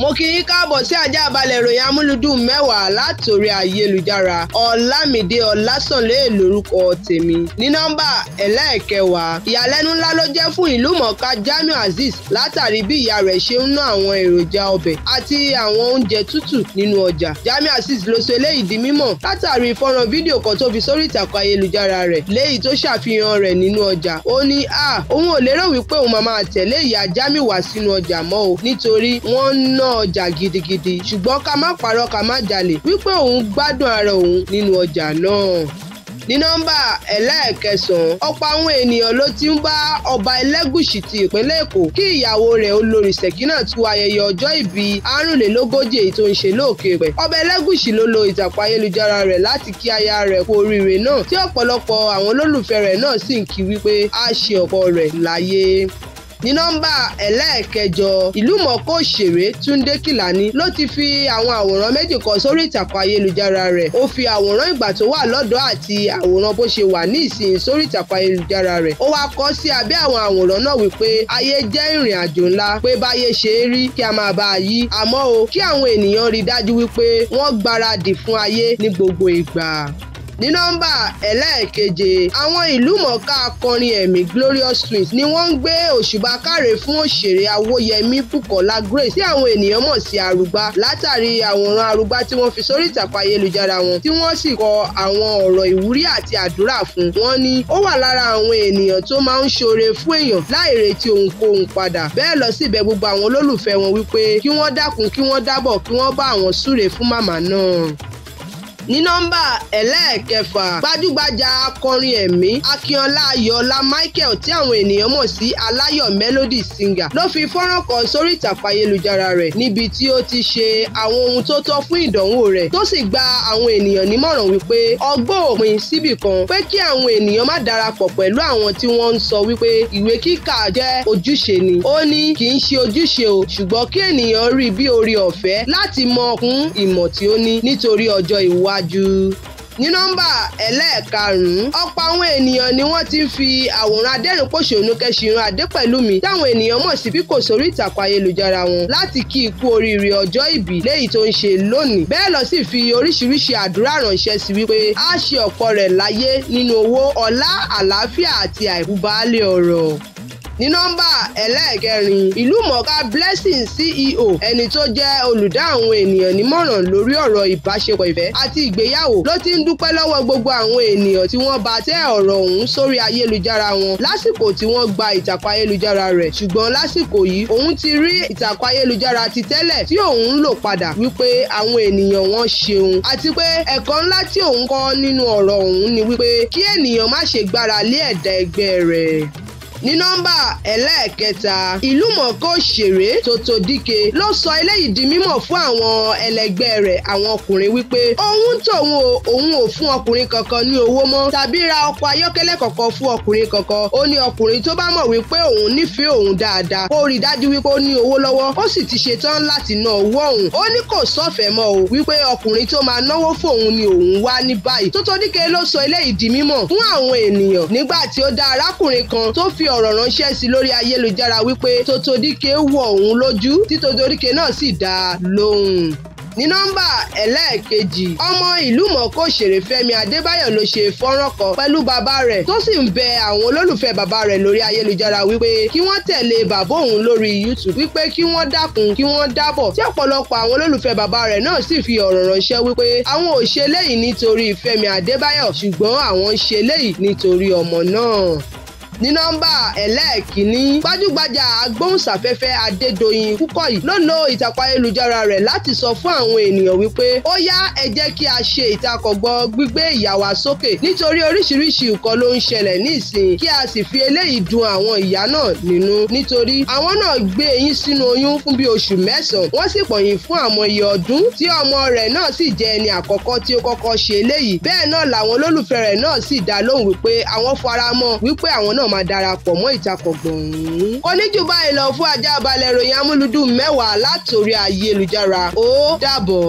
Mo kì í káàbọ̀ sí àjábalẹ̀ ìròyìn amúlùdùn mẹ́wàá látòrí ayélujára Ọlámídé Ọlásànlóye lórúkọ tèmi ní nọ́mbà ẹlẹ́ẹ̀kẹwàá ìyàlẹ́nu ńlá ló jẹ́ fún ìlú mọ̀ọ́ká Jamiu Azeez látàrí bí ìyá rẹ̀ ṣe ń ná àwọn èròjà ọbẹ̀ àti àwọn oúnjẹ tútù nínú ọjà Jamiu Azeez ló sọ eléyìí di mímọ̀ látàrí fọ́nrán fídíò kan tó fi sórí ìtàkùn ayélujára rẹ̀ léyìí tó ṣàfihàn rẹ̀ nínú ọjà ó ní o nítorí wọ́n iná ọjà gidigidi ṣùgbọ́n ká má parọ́ ká má jalè wípé òun gbádùn ara òun nínú ọjà náà ní nọ́mbà ẹlẹ́ẹ̀kẹsàn-án ọ̀pọ̀ àwọn ènìyàn ló ti ń bá ọba ẹlẹ́gùṣì ti ìpínlẹ̀ èkó kí ìyàwó rẹ̀ olórí sẹ̀kínà tu ayẹyẹ ọjọ́ ìbí àrùnlélógójì èyí tó ń ṣe lóòkè rẹ̀ ọba ẹlẹ́gùṣì ló lo ìtàkùn ayélujára rẹ̀ láti kí aya rẹ̀ kú oríire náà tí ọ̀pọ̀lọpọ̀ àwọn olólùfẹ́ rẹ̀ náà sì ń kí wípé a ṣe ọ̀pọ̀ rẹ̀ láyé ní nọ́mbà ẹlẹ́ẹ̀kẹjọ ìlúmọ̀ọ́ká òṣèré Túndé Kìlání ló ti fi àwọn àwòrán méjì kan sórí ìtàkùn ayélujára rẹ̀ ó fi àwòrán ìgbà tó wà lọ́dọ̀ àti àwòrán bó ṣe wà ní ìsìn sórí ìtàkùn ayélujára rẹ̀ ó wá kọ sí abẹ́ àwọn àwòrán náà wípé ayé jẹ́ ìrìn àjò ńlá pé báyé ṣe é rí kí a máa bá a yí àmọ́ o kí àwọn ènìyàn rí dájú wípé wọ́n gbáradì fún ayé ní gbogbo ìgbà ní nọ́mbà ẹlẹ́ẹ̀keje àwọn ìlúmọ̀ọ́ká akọrin ẹ̀mí Glorious Twins ni wọ́n ń gbé òṣùbà káre fún òṣèré awóyẹmí Bùkọ́lá Grace tí àwọn ènìyàn mọ̀ sí arúgbá látàrí àwòrán arúgbá tí wọ́n fi sórí ìtàkùn ayélujára wọn tí wọ́n sì kọ àwọn ọ̀rọ̀ ìwúrí àti àdúrà fún wọn ní ó wà lára àwọn ènìyàn tó máa ń ṣoore fún èèyàn láì retí ohunkóhun padà bẹ́ẹ̀ lọ sí ibẹ̀ gbogbo àwọn olólùfẹ́ wọn wípé kí wọ́n dákun kí wọ́n dábọ̀ kí wọ́n bá àwọn súre fún màmá náà ní nọ́mbà ẹlẹ́ẹ̀kẹfà gbajúgbajà akọrin ẹ̀mí akínọlá ayọ̀ọ́lá michael tí àwọn ènìyàn mọ̀ sí aláyọ̀ melody singer ló fi fọ́nrán kan sórí ìtàkùn ayélujára rẹ̀ níbi tí ó ti ṣe àwọn ohun tó tọ́ fún ìdánwò rẹ̀ tó sì gba àwọn ènìyàn nímọ̀ràn wípé ọgbọ́n òpin síbì kan pé kí àwọn ènìyàn má darapọ̀ pẹ̀lú àwọn tí wọ́n ń sọ wípé ìwé kíkà jẹ́ ojúṣe ni ó ní kì í ṣe ojúṣe o ṣùgbọ́n kí ènìyàn rí bí oore ọ̀fẹ́ láti mọ kún ìmọ̀ tí ó ní nítorí ọjọ́ ìwà síwájú. ní nọ́mbà ẹlẹ́ẹ̀karùn-ún ọ̀pọ̀ àwọn ènìyàn ni wọ́n ti ń fi àwòrán adẹ́rìn-pòṣónú Kẹ́ṣìnrán Adépẹ̀lúmi táwọn ènìyàn mọ̀ sí Bíkò sórí ìtàkùn ayélujára wọn láti kí i kú oríire ọjọ́ ìbí léyìí tó ń ṣe lónìí bẹ́ẹ̀ lọ sì fi oríṣiríṣi àdúrà ránṣẹ́ sí wípé á ṣe ọ̀pọ̀ rẹ̀ láyé nínú owó ọlá àlàáfíà àti àìkú baálé ọrọ̀ ní nọ́mbà ẹlẹ́ẹ̀kẹrin ìlúmọ̀ọ́ká Blessing CEO ẹni tó jẹ́ olùdá àwọn ènìyàn nímọ̀ràn lórí ọ̀rọ̀ ìbáṣepọ̀ ìfẹ́ àti ìgbéyàwó ló ti ń dúpẹ́ lọ́wọ́ gbogbo àwọn ènìyàn tí wọ́n bá tẹ ọ̀rọ̀ ọ̀hún sórí ayélujára wọn lásìkò tí wọ́n gba ìtàkùn ayélujára rẹ̀ ṣùgbọ́n lásìkò yìí òun ti rí ìtàkùn ayélujára ti tẹ́lẹ̀ tí òun ń lò padà wípé àwọn ènìyàn wọn ṣeun àti pé ẹ̀kọ́ ńlá tí òun kọ́ nínú ọ̀rọ̀ ọ̀hún ni wípé kí ènìyàn má ṣe gbára lé ẹ̀dá ẹgbẹ́ rẹ̀ ní nọ́mbà ẹlẹ́ẹ̀kẹta ìlúmọ̀ọ́ká òṣèré Tótó Díkè ló sọ eléyìí di mímọ̀ fún àwọn ẹlẹgbẹ́ rẹ̀ àwọn ọkùnrin wípé òun tòun o òun ò fún ọkùnrin kankan ní owó mọ́ tàbí ra ọkọ̀ ayọ́kẹ́lẹ́ kankan fún ọkùnrin kankan ó ní ọkùnrin tó bá mọ̀ wípé òun nífẹ̀ẹ́ òun dáadáa ó rí dájú wípé ó ní owó lọ́wọ́ ó sì ti ṣetán láti ná owó òun ó ní kò sọ̀fẹ́ mọ́ o wípé ọkùnrin tó máa náwó fóun ni òun wá ní báyìí Tótó Díkè ló sọ eléyìí di mímọ̀ fún àwọn ènìyàn nígbà tí ó dá arákùnrin kan tó fi ọ̀rọ̀ ránṣẹ́ sí lórí ayélujára wípé Tòtòdíkè wọ̀ òun lójú tí Tòtòdíkè náà sì dá a lóhùn ní nọ́mbà ẹlẹ́ẹ̀kejì ọmọ ìlú mọ̀ọ́ká òṣèré Fẹ́mi ló ṣe fọ́nrán kan pẹ̀lú bàbá rẹ̀ tó sì ń bẹ àwọn olólùfẹ́ bàbá rẹ̀ lórí ayélujára wípé kí wọ́n tẹ̀lé bàbá òun lórí YouTube wípé kí wọ́n dákun kí wọ́n dábọ̀ tí ọ̀pọ̀lọpọ̀ àwọn olólùfẹ́ bàbá rẹ̀ náà sì fi ọ̀rọ̀ ránṣẹ́ wípé àwọn ò ṣe léyìí nítorí Fẹ́mi Adébáyọ̀ ṣùgbọ́n àwọn ń ṣe léyìí nítorí ọmọ náà ní nọ́mbà ẹlẹ́ẹ̀kínní gbajúgbajà agbóhùnsáfẹ́fẹ́ Adédoyin Kúkọ̀yí ló lo ìtàkùn ayélujára rẹ̀ láti sọ fún àwọn ènìyàn wípé ó yá ẹ jẹ́ kí a ṣe ìtakọ̀gbọ́ gbígbé ìyá wa sókè nítorí oríṣiríṣi nǹkan ló ń ṣẹlẹ̀ ní ìsìn kí a sì fi eléyìí dun àwọn ìyá náà nínú nítorí àwọn náà gbé eyín sínú oyún fún bí oṣù mẹ́sàn-án wọ́n sì pọ̀yìn fún àwọn iye ọdún tí ọmọ rẹ̀ náà sì jẹ́ ẹni àkọ́kọ́ tí ó kọ́kọ́ ṣe eléyìí bẹ́ẹ̀ náà làwọn olólùfẹ́ rẹ̀ náà sì dá lóhùn wípé àwọn faramọ́ wípé àwọn náà máa darapọ̀ mọ́ ìtakọ̀gbọ̀n ọ̀hún. kò ní jù báyìí lọ fún ajá balẹ̀ ìròyìn amúlùdùn mẹ́wàá látòrí ayélujára ó dàbọ̀.